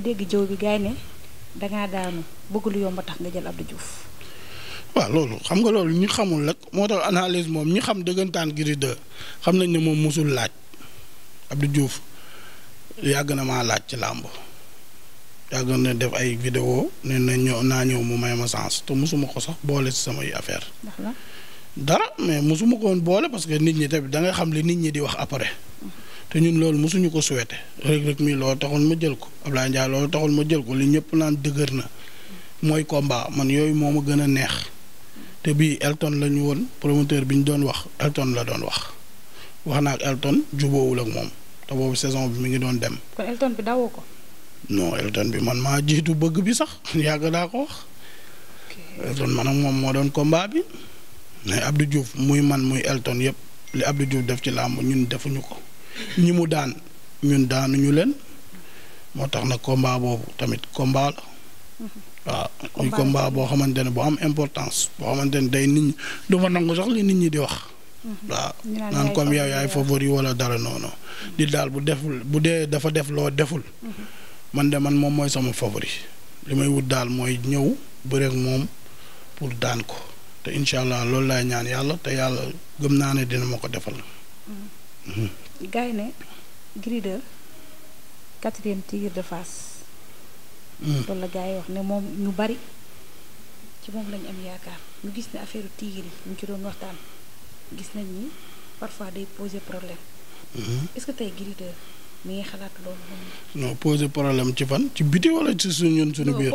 dégg jëw bi gaay ne dangaa daanu bëgg lu yomb tax nga jël Abdou Diouf. waaw loolu xam nga loolu ñu xamul nag moo tax analise moom ñi xam dëggantaan Gris 2 xam nañ ne moom mosul laaj Abdou juuf yàgg na maa laaj ci làmb yàgg na def ay vidéo ne na ñëw naa ñëw mu may ma sens te mosuma ko sax boole si samay affaire dara mais mosuma ko woon boole parce que nit ñi tamit dangay xam li nit ñi di wax après. Mm-hmm. te ñun loolu mosuñu ko souhaité Reug Reug mii loolu taxoon ma jël ko Ablaye Ndiaye loolu taxoon ma jël ko li ñëpp naan dëgër na mooy combat man yooyu moo ma gën a neex te bii Elton la woon promoteur bi ñu doon wax Elton la doon wax wax naa ak Elton jubóowul ak moom te boobu bi mi ngi doon dem. kon Elton bi dawoo ko. non Elton bi man maa jiitu bëgg bi sax yàgg daa ko wax. Elton man ak moom moo doon combat bi mais Abdou Diouf muy man muy Elton yëpp li Abdou Diouf def ci làmb ñun defuñu ko. ñi mu daan ñun daanuñu leen moo tax nag combat boobu tamit combat la waaw muy combat boo xamante ne bu am importance boo xamante ne day nit ñi du ma nangu sax li nit ñi di wax mhm. waaw naan comme yow yaay favori wala dara noonu di mhm. daal bu deful bu dee dafa def loo deful mhm. man de man moom mooy sama favori li may wut daal mooy ñëw bëreek moom pour daan ko te incha loolu laay ñaan yàlla te yàlla gëm naa ne dina ma ko defal. gars yi ne Gris 2 quatrième tigre de Fass. Hmm. loolu la gars yi wax ne moom ñu bari ci moom lañu am yaakaar ñu gis ne affaire tigre yi ñu ci doon waxtaan gis nañ ni parfois day poser problème. Hmm. est-ce que tey Gris 2 mi xalaat loolu. non poser problème ci fan ci biti wala ci suñ ñun suñu biir.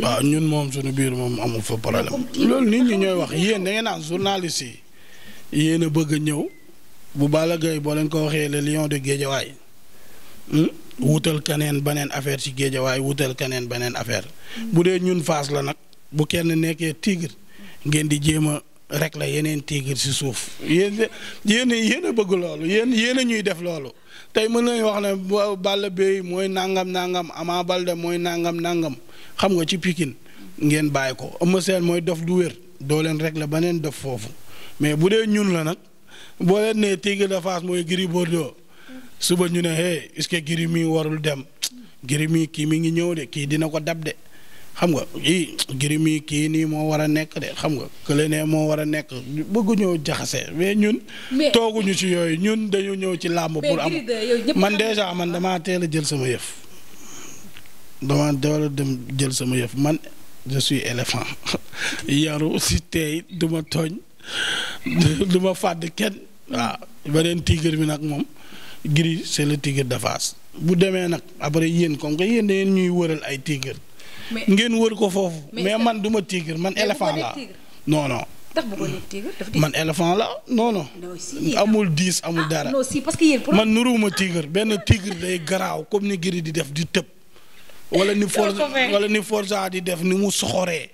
waaw ñun moom sunu biir moom amul fa problème. loolu nit ñi ñooy wax yéen da am naan journaliste yi yéen a bëgg a ñëw. bu Balla Gaye boo leen ko waxee le lion de Guédiawaye hmm? wutal keneen beneen affaire ci Guédiawaye wutal keneen beneen affaire bu dee ñun Fass la nag bu kenn nekkee tigre ngeen di jéem a rek la yeneen tigre si suuf yéen yéen bëgg loolu yéen yéen ñuy def loolu tey mën nañu wax ne Balla Gaye mooy nangam nangam Ama Baldé mooy nangam nangam xam nga ci Pikine ngeen bàyyi ko Eumeu Sène mooy dof du wér dooleen rek la beneen dof foofu mais bu dee ñun la nag. boo leen nee Tigre de Fass mooy Gris Bordeaux suba ñu ne hey est-ce que Gris mi warul dem Gris mii kii mi ngi ñëw de kii dina ko dab de xam nga i Gris mi kii nii moo war a nekk de xam nga kële moo war a nekk bëggu jaxasee mais ñun. tooguñu ci yooyu ñun dañu ñëw ci làmb pour am man déjà man dama teel a jël sama yëf. dama doole dem jël sama yëf man je éléphant yaru si tey duma tooñ. du fàdd kenn waaw beneen tigre bi nag moom Gris c'est le tigre de Fass bu demee nag après yéen comme que yéen dañeen ñuy wëral ay tigre ngeen wër ko foofu mais man du ma tigre man éléphant la non non la non amul diis amul ah, dara man nuruwuma tigre benn tigre day garaaw comme ni Gris di def di tëb wala ni force wala ni force di def ni mu soxoree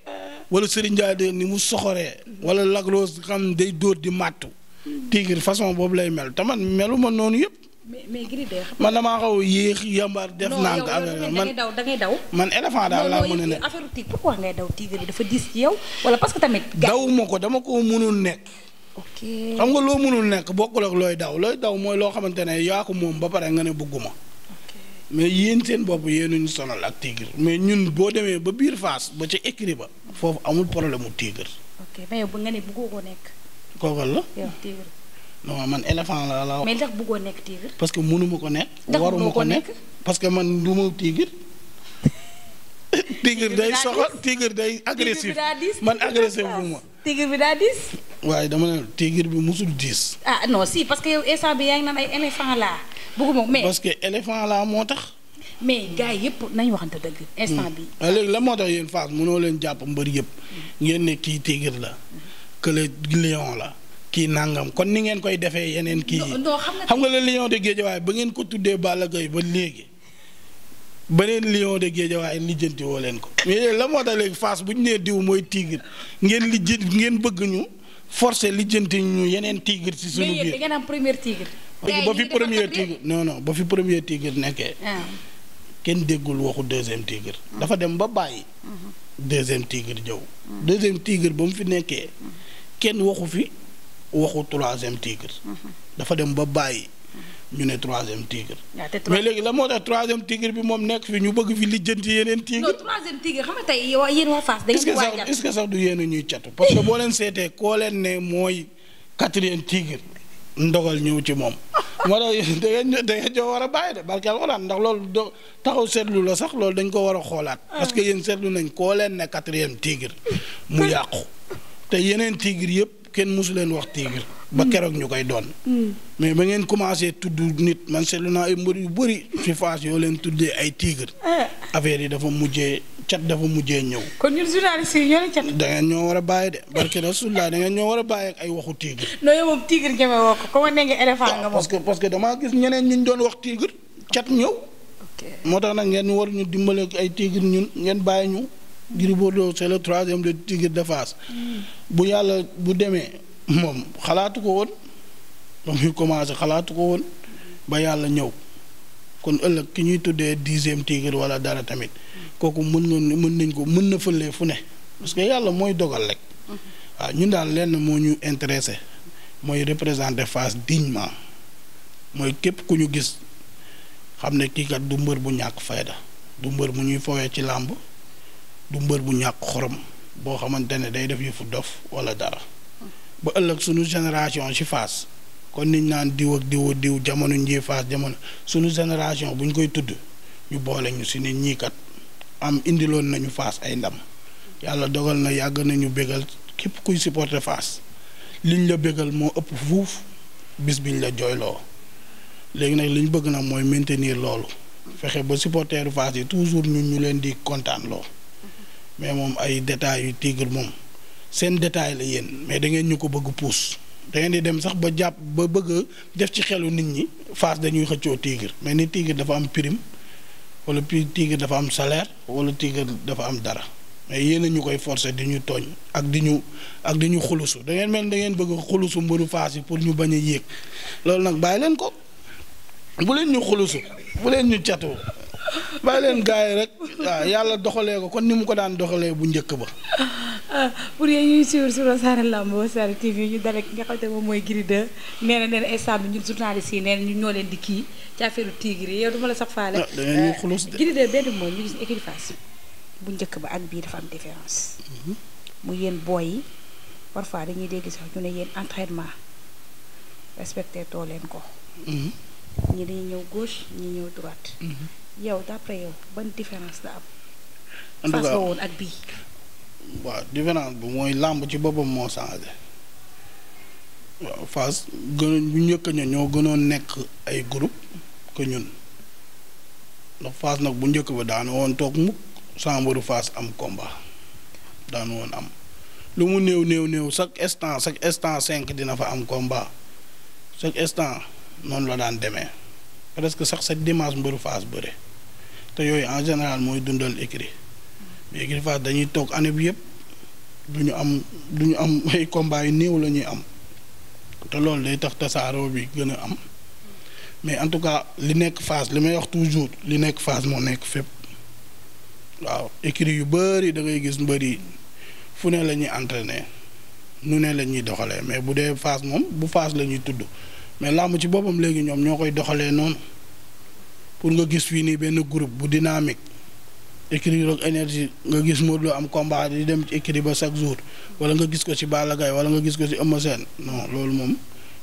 wala Serigne Ndiaye de ni mu soxoree wala lagrosse xam day dóor di màtt tigir façon boobu lay mel taman melu ma noonu yëpp. mais mais Gris de man damaa xaw yéex yambar def naa ko affaire man daw da ngay man éléphant daal laa mën a nekk affaire tigre pourquoi ngay daw tigre bi dafa diis ci parce que tamit. daw ma ko dama koo mënul nekk. ok xam nga loo mënul nekk bokkul ak looy daw looy daw mooy loo xamante ne yaa ko moom ba pare nga ne bëgguma mais yéen seen bopp yéenuñu sonal ak Tigre mais ñun boo demee ba biir Fass ba ca écrit ba foofu amul problème mu Tigre. ok mais yow nga ne bëggoo ko nekk. kookal la. yow man éléphant la la. mais ndax bëggoo nekk Tigre. parce que mënuma ko nekk. waruma ko nekk parce que man du ma Tigre. Tigre day soxal Tigre day agressif man agressif bu ma. Tigre bi daa diis. waaye dama ne tigir bi musul diis. ah non si parce que yow instant bi yaa ngi naan laa que éléphant laa moo tax. mais gars yëpp nañu waxante dëgg. instant bi hmm. ah, léegi la moo tax yéen Fass mënoo leen jàpp mbër yëpp. Hmm. ngeen ne kii tigir la. kële lion la. kii nangam kon ni ngeen koy defee yeneen kii yi. xam nga le lion de waaye ba ngeen ko tuddee Balla Gaye ba léegi. beneen lion de Guédiawaye lijjanti woo leen ko. mais la moo tax léegi Fass bu ñu nee diw mooy tigir ngeen lijjanti ngeen bëgg ñu. forcé lijjanti ñu yeneen tigre ci suñu biir. mais yéen da ngeen am premier ba fi premier tigre non non ba fi premier tigre nekkee. Ah. kenn déggul waxu deuxième tigre. dafa dem ba bàyyi. deuxième tigre jëw. deuxième tigre ba mu fi nekkee. kenn waxu fi waxu troisième tigre. dafa dem ba bàyyi. ñu ne troisième tigre. mais léegi la moo tax troisième tigre bi moom nekk fi ñu bëgg fi lijjanti yeneen tigre. non troisième tigre xam nga sax est ce que sax du yéen ñuy catu. parce que boo leen seetee koo leen ne mooy quatrième tigre ndogal ñëw ci moom. moo tax da ngeen da war a bàyyi de barke alxuraan ndax loolu do taxaw seetlu la sax loolu dañ ko war a xoolaat. Ah. parce que yéen seetlu nañ koo leen ne quatrième tigre mu yàqu te yeneen tigre yëpp. yëpp kenn mosu leen wax tigre ba keroog ñu koy doon. mais ba ngeen commencé tudd nit man seetlu naa ay yu bëri ci phase yoo leen tuddee ay tigre. Ah. affaire yi dafa mujjee cat dafa mujjee ñëw. kon ñun journaliste yi ñoo ne cat. da ñoo war a bàyyi de barke Rasulullah da ngeen ñoo war a bàyyi ak ay waxu tigre. non yow moom tigre ñeme woo ko comme ne nga éléphant nga moom. parce que damaa gis ñeneen ñu doon wax tigre cat ñëw. moo tax nag ngeen war ñu dimbale ay tigre ñun ngeen bàyyi ñu. Gris doo c'est le troisième de Tigre de Fass mm. bu yàlla bu demee moom xalaatu ko woon ba muy commencé xalaatu ko woon ba yàlla ñëw kon ëllëg ki ñuy tuddee dixième Tigre wala dara tamit kooku mën nga mën nañ ko mën na fëlee fu ne parce yàlla mooy dogal rek mm-hmm. waaw ñun daal lenn moo ñu intéressé mooy représenter Fass dignement mooy képp ku ñu gis xam ne kii kat du mbër bu ñàkk fayda du mbër mu ñuy fowee ci làmb du mbër bu ñàkk xorom boo xamante ne day def yëfu dof wala dara ba ëllëg sunu génération ci Fass kon niñ naan diw ak diw diw jamono njii Fass jamono sunu génération ñu koy tudd ñu boole ñu si nit ñii kat am indiloon nañu Fass ay ndam yàlla dogal na yàgg nañu bégal képp kuy supporter Fass liñ la bégal moo ëpp fuuf bis bi ñu la jooyloo léegi nag liñ bëgg nag mooy maintenir loolu fexe ba supporteru Fass yi toujours ñun ñu leen di kontaan loo mais moom ay détails yu Tigre moom seen détail la yéen mais da ngeen ñu ko bëgg puus dangeen di dem sax ba jàpp ba bëgg def ci xelu nit ñi Fass dañuy xëccoo Tigre mais ni Tigre dafa am prime wala puis Tigre dafa am salaire wala Tigre dafa am dara mais yéen ñu koy forcer di ñu tooñ ak di ñu ak di ñu xulusu da ngeen mel da ngeen bëgg xulusu mbëru Fass yi pour ñu bañ a yéeg loolu nag bàyyi leen ko bu leen ñu xulusu bu leen ñu catoo bàyyi leen gars rek waaw yàlla doxalee ko kon ni mu ko daan doxalee bu njëkk ba. pour yéen ñuy suivre sur Wassare Lamb Wassare TV ñu dalee ki nga xam te moom mooy Gris 2 nee na leen instant bi nee na ñoo leen di kii ci affaire tigre yow duma la sax faale. Ah, da ngeen xulus euh, bu njëkk ba ak bii dafa am différence. Mhm. mu yéen booy yi parfois dañuy dégg sax ñu ne yéen entraînement respecté too leen ko. Mhm. ñi dañuy ñëw gauche ñi ñëw droite. Mhm. yow d'après yow ban différence la am. en tout woon ak bii. waaw différence bi mooy làmb ci boppam moo changé waaw Fass gënoon bu njëkk ña ñoo gënoon nekk ay groupe que ndax Fass nag bu njëkk ba daan woon toog mukk sàmbaru Fass am combat daan woon am lu mu néew néew néew chaque instant chaque instant cinq dina fa am combat chaque instant noonu la daan demee. presque sax chaque dimanche mbëru Fass bëre te yooyu en général mooy dundal écrit mais écrit Fass dañuy toog année bi yëpp du ñu am du ñu am ay combat néew la ñuy am te loolu day tax tasaaroo bi gën a am mais en tout cas li nekk Fass li may wax toujours li nekk Fass moo nekk fépp waaw écrit yu bëri da ngay gis mbër yi fu ne la ñuy entraîner nu ne la ñuy doxalee mais bu dee Fass moom bu Fass la ñuy tudd mais làmb ci boppam léegi ñoom ñoo koy doxalee noonu pour nga gis fii nii benn groupe bu dynamique écrit ak énergie nga gis Modou Lo am combat di dem ci écrit ba chaque jours wala nga gis ko ci Balla Gaye wala nga gis ko ci Eumeu Sène non loolu moom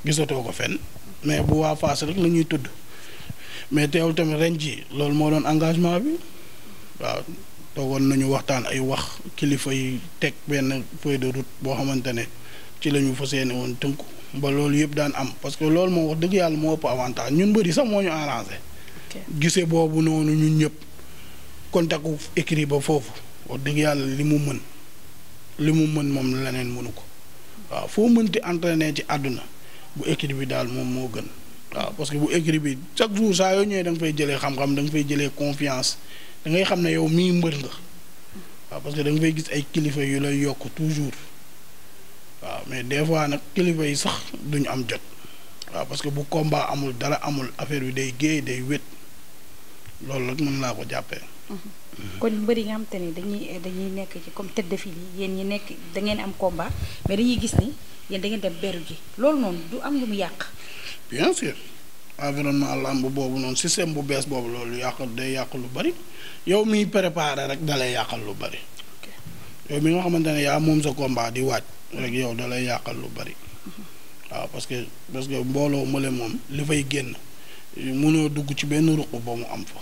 gisatoo ko fen mais bu waa Fass rek la ñuy tudd mais teewul tamit ren ji loolu moo doon engagement bi waaw toogoon nañu waxtaan ay wax kilifa yi teg benn feuille de route boo xamante ne ci lañu fa fas yéene woon tënku. ba loolu yëpp daan am parce que loolu moom wax dëgg yàlla moo ëpp avantage ñun bëri sax moo ñu arrangé. gise boobu noonu ñun ñëpp contact ku écrit ba foofu wax dëgg yàlla li mu mën li mu mën moom leneen mënu ko waaw foo mënti entraîné ci àdduna bu écrit bi daal moom moo gën. waaw parce que bu écrit bi chaque jour saa yoo ñëwee da nga fay jëlee xam-xam da fay jëlee confiance da ngay xam ne yow mii mbër nga waaw parce que da nga fay gis ay kilifa yu lay yokk toujours. waaw mais des fois nag kilifa yi sax duñu am jot waaw parce que bu combat amul dara amul affaire bi day géey day wét loolu rek mën naa ko jàppee. Mm-hmm. kon mbëri nga xam te ne dañuy nekk ci comme tête de file yi yéen ñi nekk da ngeen am komba mais dañuy gis nii yéen da dem beru ji loolu noonu du am lu mu yàq. bien sûr environnement làmb boobu noonu système bu bees boobu loolu yàq day yàq lu bari yow miy préparé rek dalay yàqal lu bari yow mi nga xamante ne yaa moom sa di waaj. rek yow da lay yàqal lu bari waaw parce que parce que mbooloo mële moom li fay génn mënoo dugg ci benn ruq ba mu am fa.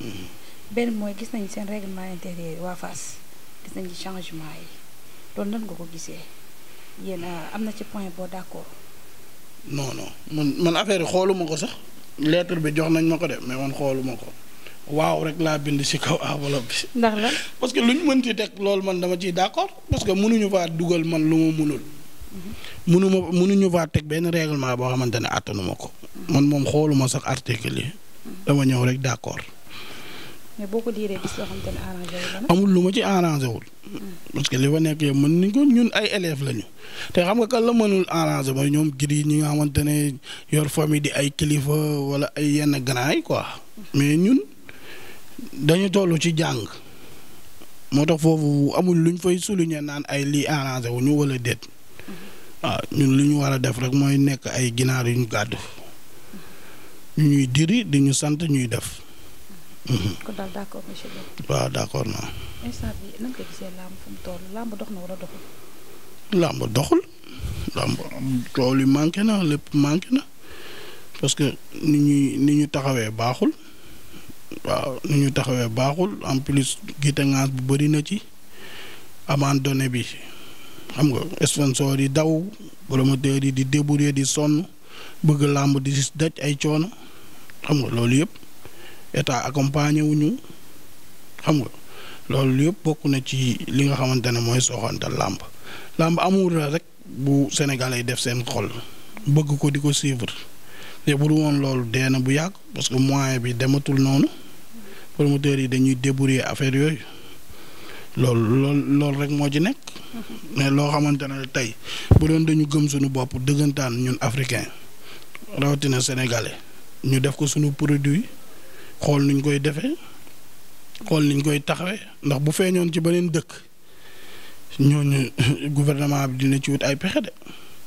Mm-hmm. benn mooy gis nañu seen règlement intérieur waa fas gis nañu changement yi loolu nan nga ko gisee yéen am na ci point boo d'accord. non non man man affaire yi xooluma ko sax lettre bi jox nañ ma ko de mais man xooluma ko. waaw rek laa bind si kaw enveloppe bi. ndax la parce que lu ñu mënti teg loolu man dama ciy d'accord parce que mënuñu faa dugal man lu ma mënul. mënu ma mënuñu faa teg benn règlement boo xamante ne attanu ko. man moom xooluma sax article yi. dama ñëw rek d'accord. mais boo amul lu ma ci arrangé wul. parce que li fa nekk mën nañ ko ñun ay élèves lañu. te xam nga kan la mënul arrangé ma ñoom giri ñi nga xamante ne yor famille di ay kilifa wala ay yenn grand yi quoi. mais ñun. dañu toll ci jàng moo tax foofu amul luñ fay souligner naan ay lii arrangé wu ñu wala déet mm-hmm. waaw ñun li ñu war a def rek mooy nekk ay ginaar yu ñu gàdd ñu mm-hmm. ñuy diri di ñu sant ñuy def. Mm-hmm. waaw d' làmb doxul. làmb doxul. làmb yi manqué na lépp manqué na parce que ni ñuy ni ñu taxawee baaxul. waaw nu ñu taxawee baaxul en plus gittangaas bu bëri na ci abandonné bi xam nga sponsor yi daw promoteur yi di débrouiller di sonn bëgg làmb di daj ay coono xam nga loolu yëpp état accompagné wu ñu loolu yëpp bokk na ci li nga xamante ne mooy sooxantal làmb làmb amul la rek bu sénégal yi def seen xol bëgg ko di ko suivre te bu dul woon loolu dee na bu yàgg parce que moyen bi dematul noonu. promoteurs yi dañuy débrouiller affaire yooyu loolu loolu loolu rek moo ci nekk. Mm-hmm. mais loo xamante ne tey bu doon dañu gëm suñu bopp dëggantaan ñun africain rawatina sénégalais ñu def ko suñu produit xool nuñ koy defee xool niñ koy taxawee ndax bu feeñoon ci beneen dëkk ñooñu gouvernement bi dina ci wut ay pexe de.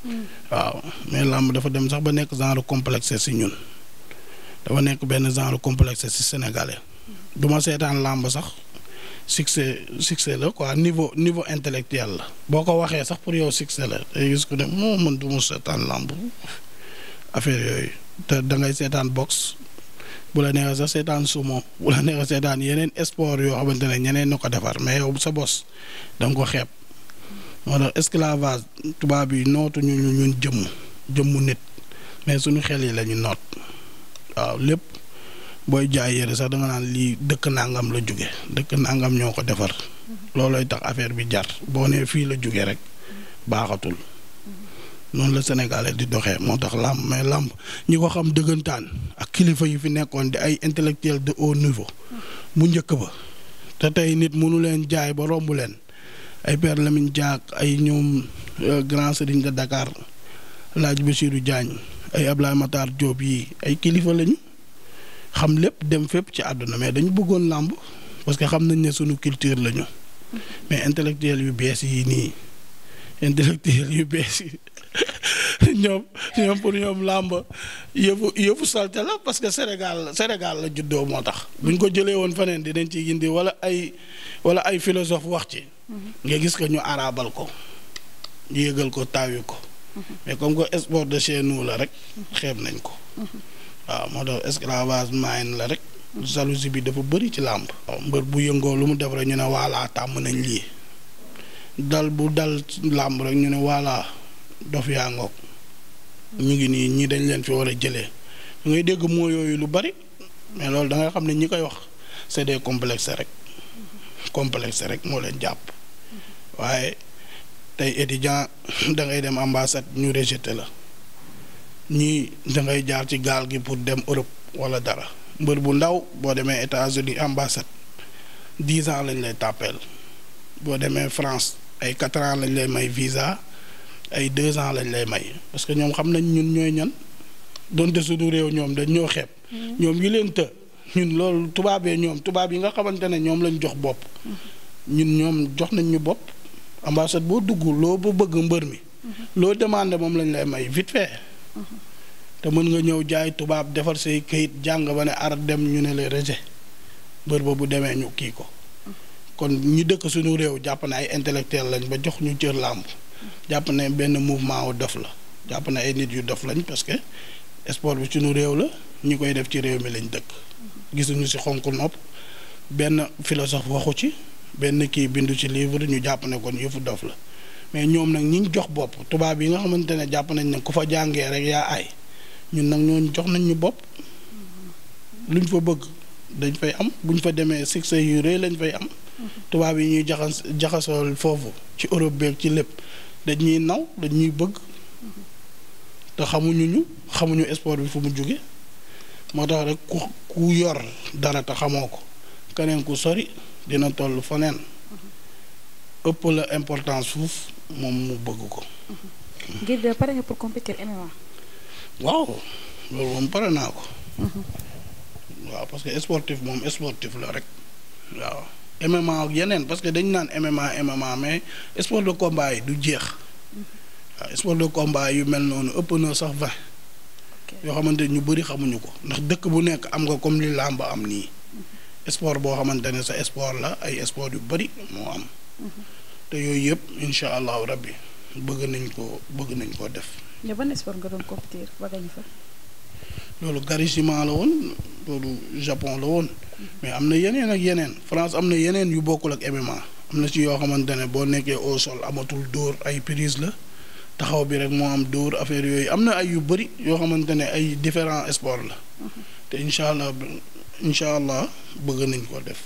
Mm-hmm. waaw mais làmb dafa dem sax ba nekk genre complexe si ñun dafa nekk benn genre complexe si sénégalais. du ma seetaan làmb sax succès succès la quoi niveau niveau intellectuel la boo ko waxee sax pour yow succès la te gis ko ne moo man du ma seetaan làmb affaire yooyu te da seetaan box bu la neexee sax seetaan sumo bu la neexee seetaan yeneen sport yoo xamante ne ñeneen na ko defar mais yow sa bos da nga ko xeeb moo tax esclavage tubaab yi nootu ñu ñun jëmm jëmmu nit mais suñu xel yi la ñu noot waaw lépp. booy jaay yére sax dama naan lii dëkk nangam la jóge dëkk nangam ñoo ko defar loolooy tax affaire bi jar boo nee fii la jóge rek baaxatul noonu la Sénégalais di doxee moo tax làmb mais làmb ñi ko xam dëggantaan ak kilifa yi fi nekkoon di ay intellectuel de haut niveau bu njëkk ba te tey nit mënu leen jaay ba romb leen ay per Lamine Diack ay ñoom euh, grand sëriñ de Dakar laaj Bassirou Diagne ay Ablaye Matar Diop yi ay kilifa lañu. xam lépp dem fépp ci àdduna mais dañu bëggoon làmb parce que xam nañ ne sunu culture lañu mais intellectuel yu bees yi nii intellectuel yu bees yi ñoom ñoom pour ñoom làmb yëfu yëfu salte la parce que Sénégal Sénégal la juddoo moo tax buñ ko jëlee woon feneen dinañ ci gindi wala ay wala ay philosophe wax ci mhm. nga gis ko ñu arabal ko ñu yëgal ko taawi ko mhm. mais comme que sport de chez la rek xeeb nañ ko mhm. waaw moo tax esclavage mayen la rek jalousie bi dafa bëri ci làmb mbër bu yëngoo lu mu def rek ñu ne waalaa tàmm nañ lii dal bu dal làmb rek ñu ne waalaa dof yaa ngoog ñu ngi nii ñii dañ leen fi war a jëlee da ngay dégg moo yooyu lu bari mais loolu dangay xam ne ñi koy wax c'est des complexes rek complexe rek moo leen jàpp waaye tey étudiant da ngay dem ambassade ñu rejeté la ñii dangay jaar ci gaal gi pour dem Europe wala dara mbër bu ndaw boo demee États-Unis ambassade dix ans lañ lay tàppeel boo demee France ay quatre ans lañ lay may visa ay deux ans lañ lay may parce que ñoom xam nañ ñun ñooy ñan donte suñu réew ñoom dañ ñoo xeeb. Mm-hmm. ñoom yi leen të ñun loolu tubaabee ñoom tubaab yi nga xamante ne ñoom lañ jox bopp. Mm-hmm. ñun ñoom jox nañ ñu bopp ambassade boo dugg loo ba bëgg mbër mi. Mm-hmm. loo demandé moom lañ lay may vite fait. te mën nga ñëw jaay tubaab defar say kayit jàng ba ne ar dem ñu ne la rejet bër ba bu demee ñu kii ko kon ñu dëkk suñu réew jàpp ne ay intellectuel lañ ba jox ñu cër làmb jàpp ne benn mouvement wu dof la jàpp ne ay nit yu dof lañ parce que sport bi suñu réew la ñu koy def ci réew mi lañ dëkk gisuñu si xonq nopp benn philosophe waxu ci benn kii bindu ci livre ñu jàpp ne kon yëfu dof la mais ñoom nag ñi ñu jox bopp tubaab yi nga xamante ne jàpp nañ ne ku fa jàngee rek yaa aay ñun nag ñooñu jox nañ ñu bopp luñ fa bëgg dañ fay am buñ fa demee six yu rëy lañ fay am. tubaab yi ñuy jaxas jaxasool foofu ci Europe beeg ci lépp dañ ñuy naw dañ ñuy bëgg te xamuñu ñu xamuñu sport bi fu mu jóge moo tax rek ku ku yor dara te xamoo ko keneen ku sori dina toll faneen ëpp la importance fuuf. moom mu bëgg ko. ngir de waaw loolu moom pare naa ko. Mhm. waaw parce que sportif moom sportif la rek waaw. MMA ak yeneen parce que dañ naan MMA MMA mais sport de combat du jeex. Mhm. waaw sport yu mel noonu ëpp na sax vingt. yoo xamante ñu bëri xamuñu ko ndax dëkk bu nekk am nga comme li làmb am nii. Mhm. sport boo xamante ne sa sport la ay sport yu bari moo am. te yooyu yëpp incha allahu rabbi bëgg nañ ko bëgg nañ koo def. yow ban sport nga loolu garissima la woon loolu Japon la woon. Mm-hmm. mais am na yeneen ak yeneen France am na yeneen yu bokkul ak MMA. am na si yoo xamante ne boo nekkee au sol amatul dóor ay prise la taxaw bi rek moo am dóor affaire yooyu am na ay yu bëri yoo xamante ne ay différent sports la. Mm-hmm. te incha allah incha allah bëgg nañ koo def.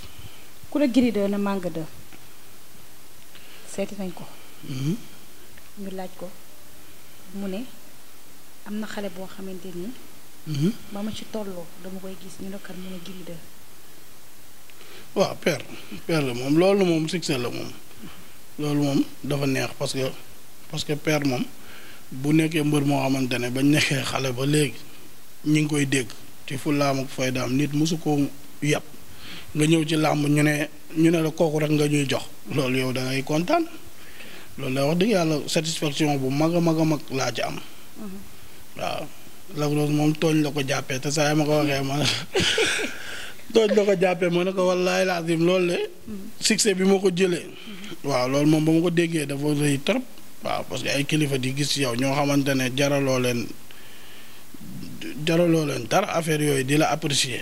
seeti nañ ko. Mhm. ñu laaj ko mu ne am na xale boo xamante ni. Mhm. ba ma ci tolloo dama koy gis ñu ne kat mu ne Gris waaw père père la moom loolu moom succès la moom. loolu moom dafa neex parce que parce que père moom bu nekkee mbër moo xamante ne bañ nekkee xale ba léegi ñu ngi koy dégg ci fullaam ak faydaam nit mosu koo yàpp. nga ñëw ci làmb ñu ne ñu ne la kooku rek nga ñuy jox loolu yow da ngay kontaan loolu la wax dëgg yàlla satisfaction bu mag a mag a mag laa ci am mm-hmm. waaw la Rose moom tooñ la ko jàppee te saa yi ma ko waxee ma tooñ la ko jàppee ma ne ko wallaay laasim loolu de mm-hmm. succès bi ma ko jëlee mm-hmm. waaw loolu moom ba ma ko déggee dafa rëy trop waaw parce que ay kilifa di gis yow ñoo xamante ne jaraloo leen jaraloo leen dara affaire yooyu di la apprécier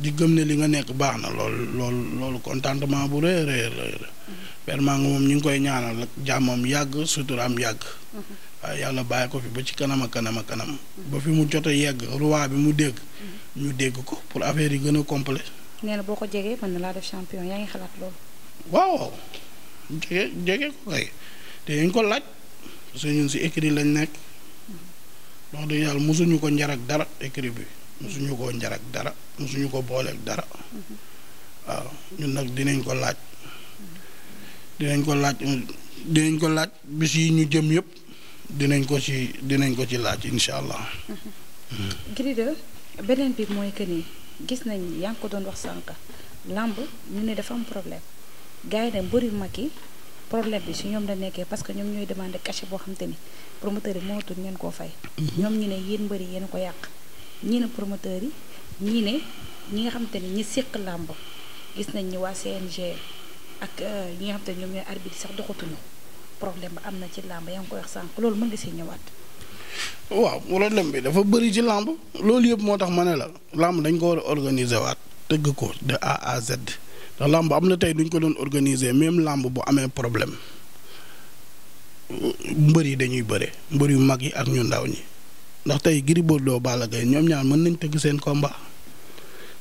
di gëm ne li nga nekk baax na loolu loolu loolu contentement bu rëy rëy rëy mm-hmm. vraiment moom ñu ngi koy ñaanal nag jàmmam yàgg suturaam yàgg. Mm-hmm. waaw yàlla bàyyi fi ba ci kanam kanam kanam. Mm-hmm. ba fi mu jot yegg roi bi mu dégg. ñu dégg ko pour affaire yi gën a complet boo ko jegee mën na laa waaw jege jege ko kay te dañ ko laaj parce ñun si écrit lañ nekk. wax dëgg yàlla mosuñu ko njar ak dara écrit bi. musuñu koo njarak dara musuñu ko booleek dara waaw ñun nag dinañ ko laaj dinañ ko laaj dinañ ko laaj bis yi ñu jëm yëpp dinañ ko ci dinañ ko ci laaj incha allah. Gris 2 beneen bi mooy que ni gis nañ yaa ngi ko doon wax sànq làmb ñu ne dafa am problème gars yi nag mbëri mag yi problème bi si ñoom la nekkee parce que ñoom ñooy demandé cachet boo xam ni promoteur yi mënatul ngeen koo fay. Mm-hmm. ñoom ñu ne yéen mbëri yéen ko yàq. ñii ne promoteurs yi ñii ne ñi nga xamante ne ñi séq làmb gis nañ ni waa CNG ak euh, ñi nga xamante ne ñoom ñooy arbitre sax doxatuñu problème ba am na ci làmb yaa ngi koy wax sànq loolu mën ngi si ñëwaat. waaw problème bi dafa bëri ci làmb loolu yëpp moo tax ma ne la làmb dañ ko war a organiser waat tëgg ko de A à Z ndax làmb am na tey duñ ko doon organiser même làmb bu amee problème mbër yi dañuy bëre mbër yu mag yi ak ñu ndaw ñi. ndax tey Gris Bordeaux Balla gay ñoom ñaar mën nañ tëgg seen komba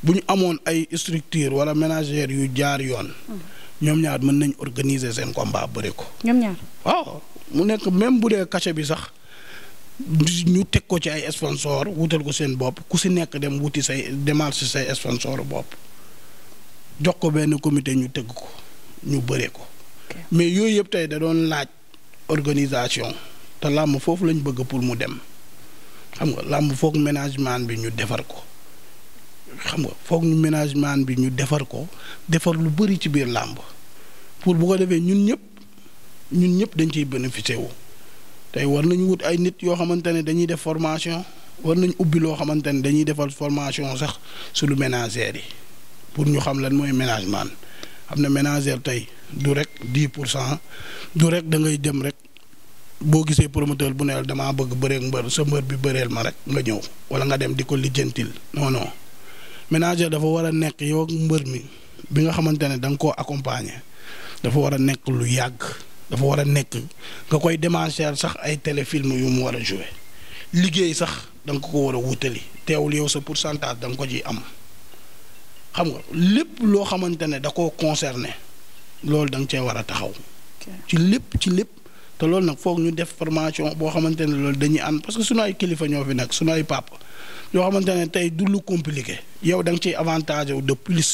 bu ñu amoon ay structure wala ménagère yu jaar yoon. Mm-hmm. ñoom ñaar mën nañ organiser seen combat bëri ko. ñoom ñaar waaw mu nekk même bu dee cachet bi sax ñu teg ko ci ay sponsor wutal ko seen bopp ku si nekk dem wuti say démarche say sponsor bopp jox ko benn comité ñu tëgg ko ñu bëree ko. mais yooyu yëpp tey da doon laaj organisation te làmb foofu lañ bëgg pour mu dem. xam nga làmb foog ménagement bi ñu defar ko xam nga foog ñu ménagement bi ñu defar ko defar lu bëri ci biir làmb pour bu ko defee ñun ñëpp ñun ñëpp dañ ciy bénéficier wu tey war nañu wut ay nit yoo xamante ne dañuy def formation war nañ ubbi loo xamante ne dañuy defal formation sax su lu ménagères yi pour ñu xam lan mooy ménagement am na ménagère tey du rek pour cent du rek da ngay dem rek. boo gisee promoteur bu ne damaa bëgg bëreeg mbër sa mbër bi bëreel ma rek nga ñëw wala nga dem di ko lijjantil non non dafa war a nekk yow ak mbër mi bi nga xamante ne da nga accompagner dafa war a nekk lu yàgg dafa war a nekk nga koy démarcher sax ay téléfilm yu mu war a jouer liggéey sax da nga ko war a wutali teewul yow sa pourcentage da nga ko ciy am xam nga lépp loo xamante ne da koo concerné loolu da nga cee war a taxaw. ci lépp ci lépp. te loolu nag foog ñu def formation boo xamante ne loolu dañuy ànd parce que sunu ay kilifa ñoo fi nag sunu ay papa yoo xamante ne tey du lu compliqué yow da nga ciy avantage wu de plus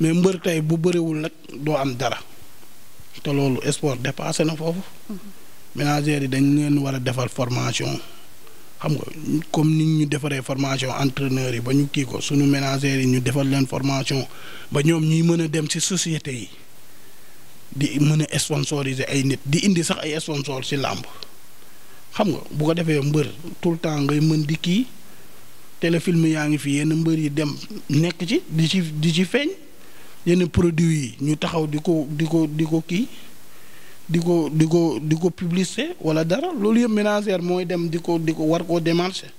mais mbër tey bu bëriwul nag doo am dara te loolu sport dépassé na foofu. ménagères yi dañ leen war a defal formation xam nga comme ni ñu defaree formation entraîneurs yi ba ñu kii ko sunu ménagères yi ñu defal leen formation ba ñoom ñuy mën a dem ci société yi. di mën a sponsoriser ay nit di indi sax ay sponsor ci làmb xam nga bu ko defee mbër tout le temps ngay mën di kii téléfilm yaa ngi fii yenn mbër yi dem nekk ci di ci di ci feeñ yenn produit yi ñu taxaw di ko di ko di ko kii di ko di ko di ko publicité wala dara loolu yëpp ménagère mooy dem di ko di ko war koo démarcher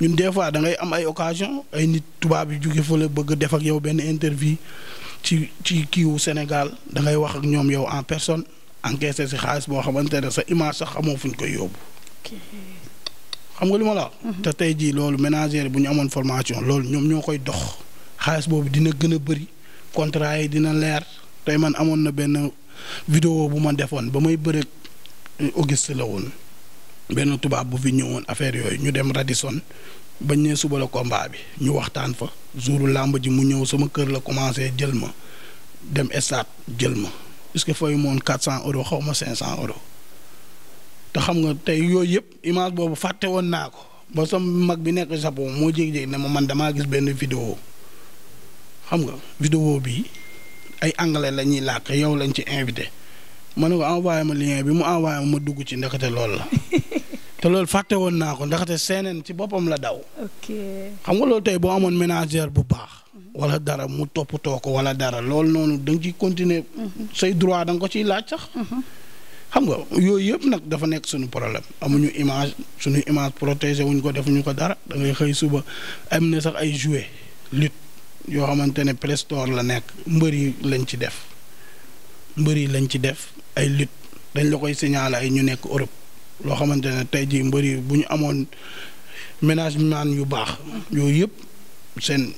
ñun des fois da am ay occasion ay nit tubaab yi jóge fa la bëgg def ak yow benn interview ci ci kiiwu Sénégal da wax ak ñoom yow en personne encaissé si xaalis boo xamante ne sa image sax amoo fuñ koy yóbbu. xam nga lu ma la mhm. te tey jii loolu ménager bu ñu amoon formation loolu ñoom ñoo koy dox xaalis boobu dina gën a bëri contrat yi dina leer tey man amoon na benn vidéo bu ma defoon ba may bëreeg Auguste la woon benn tubaab bu fi ñëwoon affaire yooyu ñu dem Radisson bañ ne suba la combat bi ñu waxtaan fa. jouru làmb ji mu ñëw sama kër la commencé jël ma dem stade jël ma est-ce que fooy moon quatre cent euros xaw ma cinq cent euros te xam nga tey yooyu yëpp image boobu fàtte woon naa ko ba sama mag bi nekk Japon moo jéeg-jéeg ne ma man damaa gis benn video xam nga vidéo bi ay anglais la ñuy làkk yow lañ ci invité ma ne ko envoyé ma lien bi mu envoyé ma dugg ci ndekete lool la te loolu fàtte woon naa ko ndaxte seeneen ci boppam la daw. ok xam nga loolu tey boo amoon ménagère bu baax. wala dara mu toppatoo ko wala dara lool noonu da nga ciy continuer. Mhm. say droit da nga ko ciy laaj sax. Mhm. xam nga yooyu yëpp nag dafa nekk suñu problème amuñu image suñu image protégé wuñ ko defuñu ko dara da ngay xëy suba am na sax ay jouet lutte yoo xamante ne Prestor la nekk mbër yi lañ ci def mbër yi lañ ci def ay lutte dañ la koy signaler ay ñu nekk Europe. loo xamante ne tey jii mbër yi bu ñu amoon management yu baax yooyu yëpp seen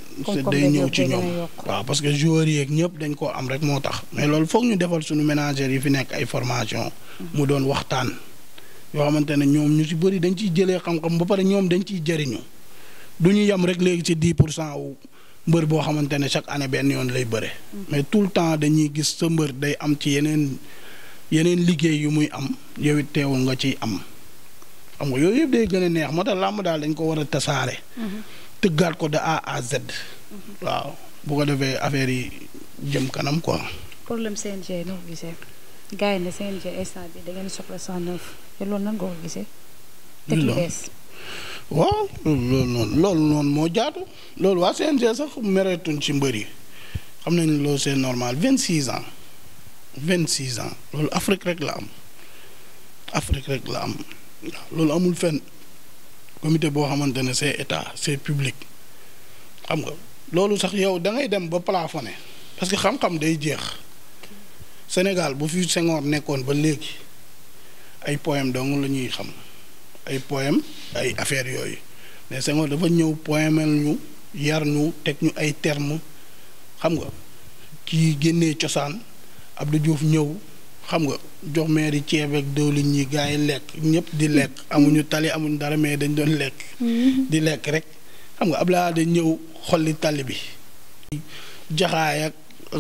day ñëw ci ñoom waaw parce que joueurs yeeg ñëpp dañ koo am rek moo tax mais loolu foog ñu defal suñu ménagères yi fi nekk ay formation mu doon waxtaan yoo xamante ne ñoom ñu si bëri dañ ciy jëlee xam-xam ba pare ñoom dañ ciy jëriñu du ñu yem rek léegi ci dix pour cent wu mbër boo xamante ne chaque année benn yoon lay bëre mm. mais tout le temps dañuy gis sa mbër day am ci yeneen yeneen liggéey yu muy am yow it teewul nga ci am xam nga yooyu yëpp day gën a neex moo tax làmb daal dañ ko war a tasaare. Mhm. tëggaat ko de A à Z. Mhm. waaw bu ko defee affaire yi jëm kanam quoi. problème CNG ko gisee gars yi ne CNG instant bi da gisee. waaw loolu noonu loolu noonu moo jaatu loolu waa CNG sax mereetuñ ci mbër yi xam nañ loolu c'est normal 26 ans. vingt six ans loolu Afrique rek la am Afrique rek la am waaw loolu amul fen comité boo xamante ne c'est état c'est publique xam nga loolu sax yow da ngay dem ba plafonné parce que xam-xam day jeex Sénégal bu fi Senghor nekkoon ba léegi ay poème dong la ñuy xam ay poème ay affaires yooyu mais Senghor dafa ñëw poèmel ñu yar ñu teg ñu ay terme xam nga kii génnee cosaan Abdou juuf ñëw xam nga jox maire yi ceeb ak diwlin ñi gars yi lekk ñëpp di lekk mm-hmm. amuñu tali amuñu dara mais dañ doon lekk mm-hmm. di lekk rek xam nga Abdoulaye Wade ñëw xolli tali bi jaxaay ak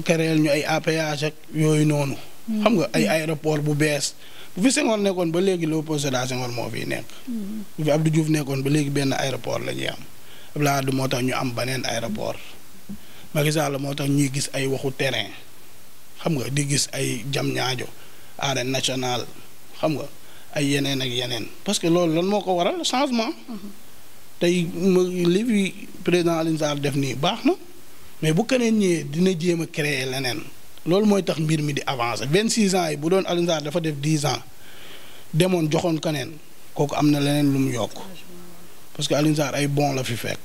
kereel ñu ay APH ak yooyu noonu mm-hmm. xam nga ay aéroport bu bees bu fi Senghor nekkoon ba léegi l'opposé à Senghor moo fi nekk bu fi Abdou Diouf nekkoon ba léegi benn aéroport la ñuy am Abdoulaye Wade moo tax ñu am beneen aéroport Macky Sall moo tax ñuy gis ay waxu terrain xam nga di gis ay jam ñaajo arène nationale xam nga ay yeneen ak yeneen parce que loolu lan moo ko waral changement mm-hmm. tey li président Alioune Sarr def nii baax na mais bu keneen ñëwee dina jéem a créer leneen loolu mooy tax mbir mi di avancer vingt six ans yi bu doon Alioune dafa def dix ans demoon joxoon keneen kooku am na leneen lu mu yokk parce que Alioune ay bon la fi fekk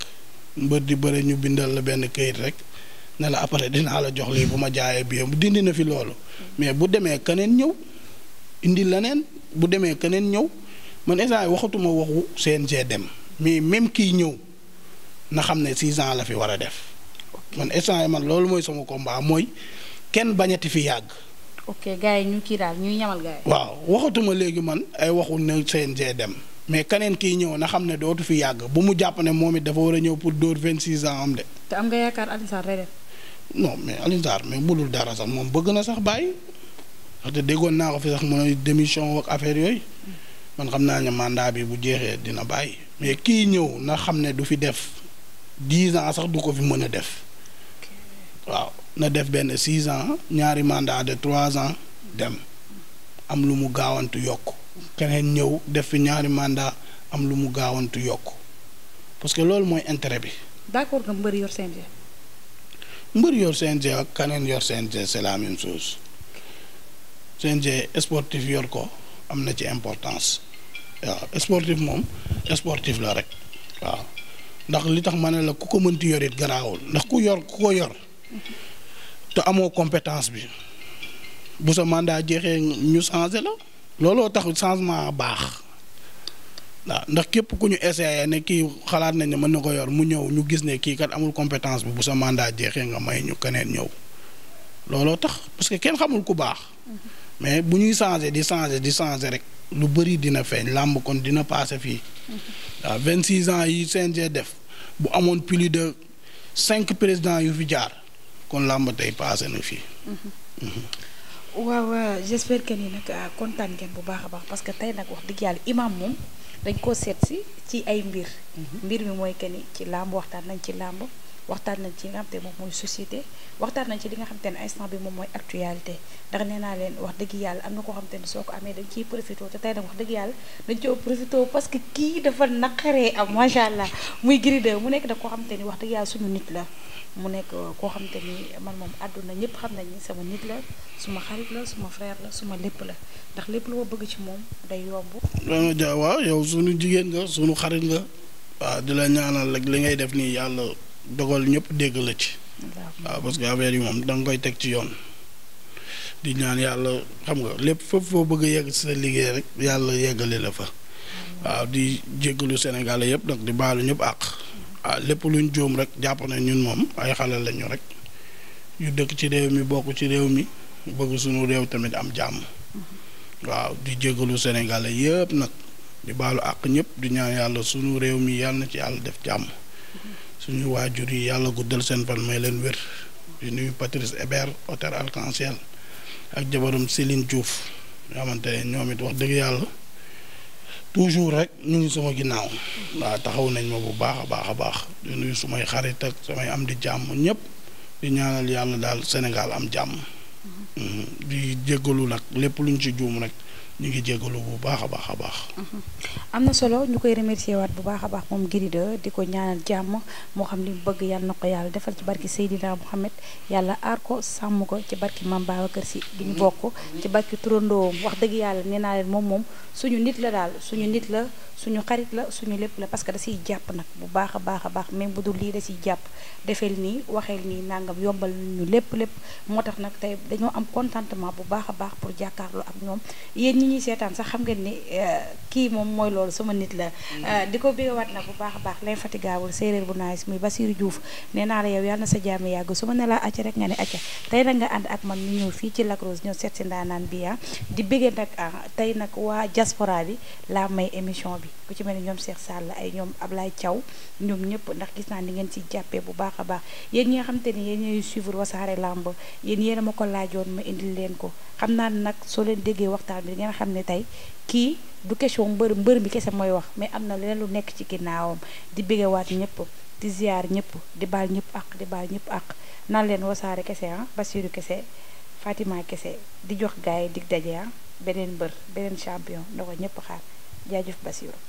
mbër di bëre ñu bindal la benn kayit rek ne la après dinaa la jox lii bu ma jaayee bi bu dindi na fi loolu mais bu demee keneen ñëw indi leneen bu demee keneen ñëw man instant waxatuma waxu CNG dem mais même kii ñëw na xam ne six ans la fi war a def man instant man loolu mooy sama combat mooy kenn bañati fi yàgg. ok gars yi ñu kii daal ñuy ñamal gars yi. waaw waxatuma léegi man ay waxu ne CNG dem mais keneen kii ñëw na xam ne dootu fi yàgg bu mu jàpp ne moom it dafa war a ñëw pour dóor vingt six ans am de. te am nga yaakaar Alioune Sarr non mais Alioune Sarr mais budul dara sax moom bëgg na sax bàyyi ndaxte déggoon naa ko fi sax mooy démission ak affaire yooyu man xam naa ne mandat bi bu jeexee dina bàyyi mais kii ñëw na xam ne du fi def dix ans sax du ko fi mën a def waaw na def benn six ans ñaari mandat de trois ans dem am lu mu gaawantu yokk keneen ñëw def fi ñaari mandat am lu mu gaawantu yokk parce que loolu mooy intérêt bi. mbër yor CNG ak kaneen yor CNG c'est la même chose CNG sportif yor ko am na ci importance waaw sportif moom sportif la rek waaw ndax li tax ma ne la ku ko mënti yor it garaawul ndax ku yor ku ko yor te amoo compétence bi bu sa mandat jeexee ñu changé la looloo tax changement baax waaw ndax képp ku ñu essayé ne kii xalaat nañ ne mën na ko yor mu ñëw ñu gis ne kii kat amul compétence bi bu sa mandat jeexee nga may ñu keneen ñëw looloo tax parce que kenn xamul ku baax mais bu ñuy changé di changé di changé rek lu bëri dina feeñ làmb kon dina passé fii waaw vingt six ans yi CNG def bu amoon plus de cinq présidents yu fi jaar kon làmb tey passé na fii mhm. Mhm. waaw j'espère que ni nag ah, kontaan ngeen bu baax a baax parce que tey nag wax dëgg yàlla imam moom dañ koo seet si ci ay mbir mhm. mbir mi mooy que ni ci làmb waxtaan nañ ci làmb waxtaan nañ ci nga xam te moom mooy société waxtaan nañ ci li nga xam te ne instant bi moom mooy actualité ndax nee naa leen wax dëgg yàlla am na koo xam te ne soo ko amee dañ ciy profité te tey nag wax dëgg yàlla dañ ci profité parce que kii dafa naqaree am macha allah muy gridé mu nekk da koo xam te ni wax dëgg yàlla suñu nit la mu nekk koo xam te ni man moom àdduna ñëpp xam nañ sama nit la suma xarit la suma frère la suma lépp la ndax lépp lu ma bëgg ci moom day yomb. loolu ja waaw yow suñu jigéen nga suñu xarit nga. waaw di la ñaanal rek li ngay def nii yàlla. dogal ñëpp dégg la ci. waaw parce que yi moom da koy teg ci yoon. di ñaan yàlla xam nga lépp fépp foo bëgg a yegg si sa liggéey rek yàlla yeggale la fa. waaw di jéggalu Sénégalais yëpp nag di baalu ñëpp àq. waaw lépp luñ jóom rek jàpp na ñun moom ay xale lañu rek yu dëkk ci réew mi bokk ci réew mi bëgg suñu réew tamit am jàmm. waaw di jéggalu Sénégalais yëpp nag di baalu àq ñëpp di ñaan yàlla sunu réew mi yàlla na ci yàlla def jàmm. suñu waajur yi yàlla guddal seen fan may leen wér di nuyu Patrice Hébert auteur Alcanciel ak jabaram Céline Diouf nga xamante ne ñoom it wax dëgg yàlla toujours rek ñu ngi sama ginnaaw waa taxaw nañ ma bu baax a baax a baax di su may xarit ak samay am di jàmm ñëpp di ñaanal yàlla daal Sénégal am jàmm mm-hmm. Mm-hmm. di jéggalu nag lépp lu ñu ci juum rek ñu ngi jégalu bu baax a baax a baax. Mm-hmm. am na solo ñu koy remercier waat bu baax a baax moom Gris 2 di ko ñaanal jàmm moo xam ni mu bëgg yàlla na ko yàlla defal ci barki Seydina Mohamed yàlla aar ko sàmm ko ci barki Mame kër si di ñu bokk ci barki turandoom wax dëgg yàlla nee naa leen moom moom suñu nit la daal suñu nit la suñu xarit la suñu lépp la parce que da siy jàpp nag bu baax a baax a baax mais bu dul lii da siy jàpp defeel nii waxeel nii nangam yombal ñu lépp lépp moo tax nag tey dañoo am contentement bu baax a baax pour jàkkaarloo ak ñuy seetaan sax xam ngeen ni euh, kii moom mooy loolu sama nit la mm. euh, di ko bégawaat nag bu baax a baax l'infatigable séeréer bu naagis muy Basiru Diouf nee naa la yow yàlla na sa jaam yàgg su ma ne laa acca rek nga ne acca tey nag man ñu ñëw fii ci Lac Rose ñoo seet si ndaanaan bi ah di béggee nag ah, tey nag waa diaspora bi laa may émission bi ku ci mel ni ñoom seex Sall ay ñoom Ablaye Thiaw ñoom ñëpp ndax gis naa ni ngeen ci jàppee bu baax a baax yéen ñi nga xam te ni yéen ñooy suivre Wassare Lamb yéen yéen a ma ko laajoon ma indil leen ko xam nga xam ne tey kii du question mbër mbër bi kese mooy wax mais am na leen lu nekk ci ginnaawam di béggewaat ñëpp di ziar ñëpp di baal ñëpp ak di baal ñëpp ak nan leen wasaare kese ah Basiru kese Fatima kese di jox gars yi dig daje ah beneen mbër beneen champion na ko ñëpp xaar jaajëf Basiru